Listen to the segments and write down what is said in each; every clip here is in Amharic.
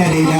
Yeah.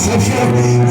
Savior.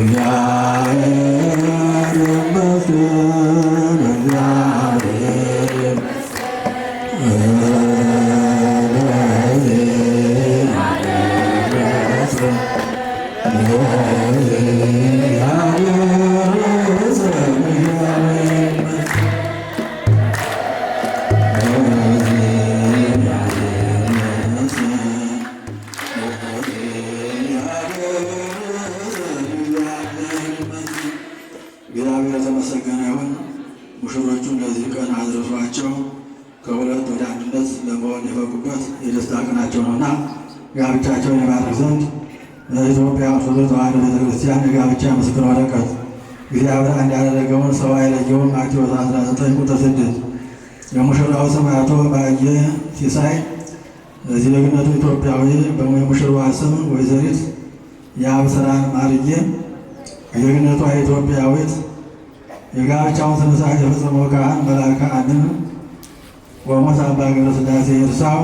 Hallelujah. ዘጠኝ ቁጥር ስድስት የሙሽራው ስም አቶ ባየ ሲሳይ ዜግነቱ ኢትዮጵያዊ የሙሽራዋ ስም ወይዘሪት የአብስራን ማርዬ ዜግነቷ ኢትዮጵያዊት የጋብቻውን ስነ ስርዓት የፈጸመው ካህን መልአከ አድን ቆሞስ አባ ገብረ ሥላሴ እርሳው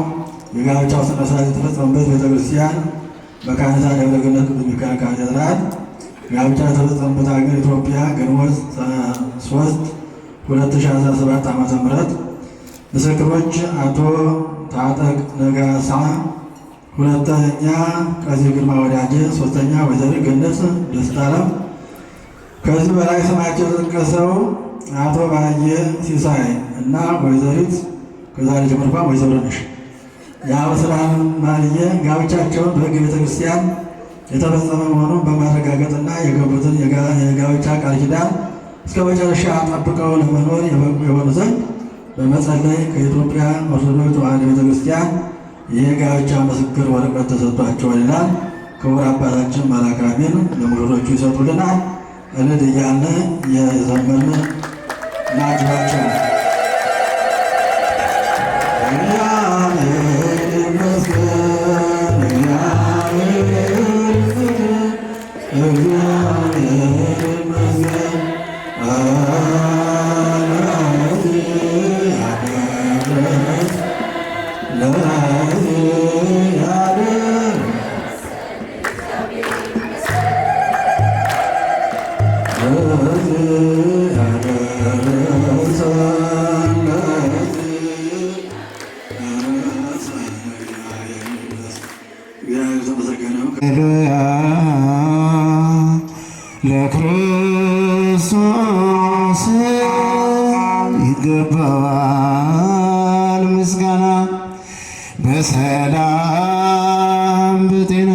የጋብቻው ስነ ስርዓት የተፈጸመበት ቤተክርስቲያን በካህናት ደብረ ገነት ቅዱስ ሚካኤል ካቴድራል ጋብቻ የተፈጸመበት ሀገር ኢትዮጵያ ግንቦት ሶስት 2017 ዓመተ ምህረት ምስክሮች አቶ ታጠቅ ነጋሳ፣ ሁለተኛ ቀዚ ግርማ ወዳጄ፣ ሶስተኛ ወይዘሪት ገነት ደስታለም። ከዚህ በላይ ስማቸው የተጠቀሰው አቶ ባየ ሲሳይ እና ወይዘሪት ከዛሬ ጀምርባ ወይዘሮ ነሽ የአብስራም ማልየ ጋብቻቸውን በሕግ ቤተ የተፈጸመ መሆኑን በማረጋገጥና የገቡትን የጋብቻ ቃል ኪዳን እስከ መጨረሻ ጠብቀው ለመኖር የበቁ የሆኑ ዘንድ በመጸለይ ከኢትዮጵያ ኦርቶዶክስ ተዋሕዶ ቤተክርስቲያን የጋብቻ ምስክር ወረቀት ተሰጥቷቸዋል ይላል። ክቡር አባታችን መላካቢን ለሙሽሮቹ ይሰጡልናል። እልል እያለ የዘመን ናጅባቸው በሰላም በጤና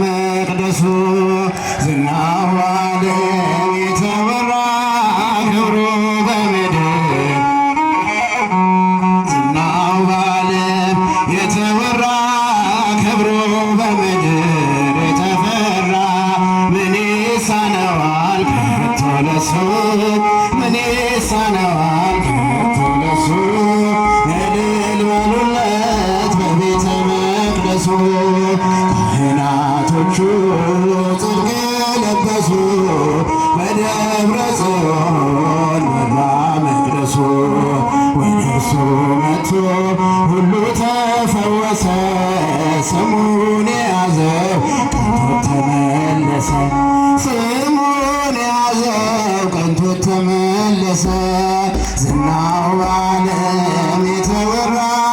መቅደሱ ዝናዋለ ተመለሰ ዝናው ዓለም የተወራ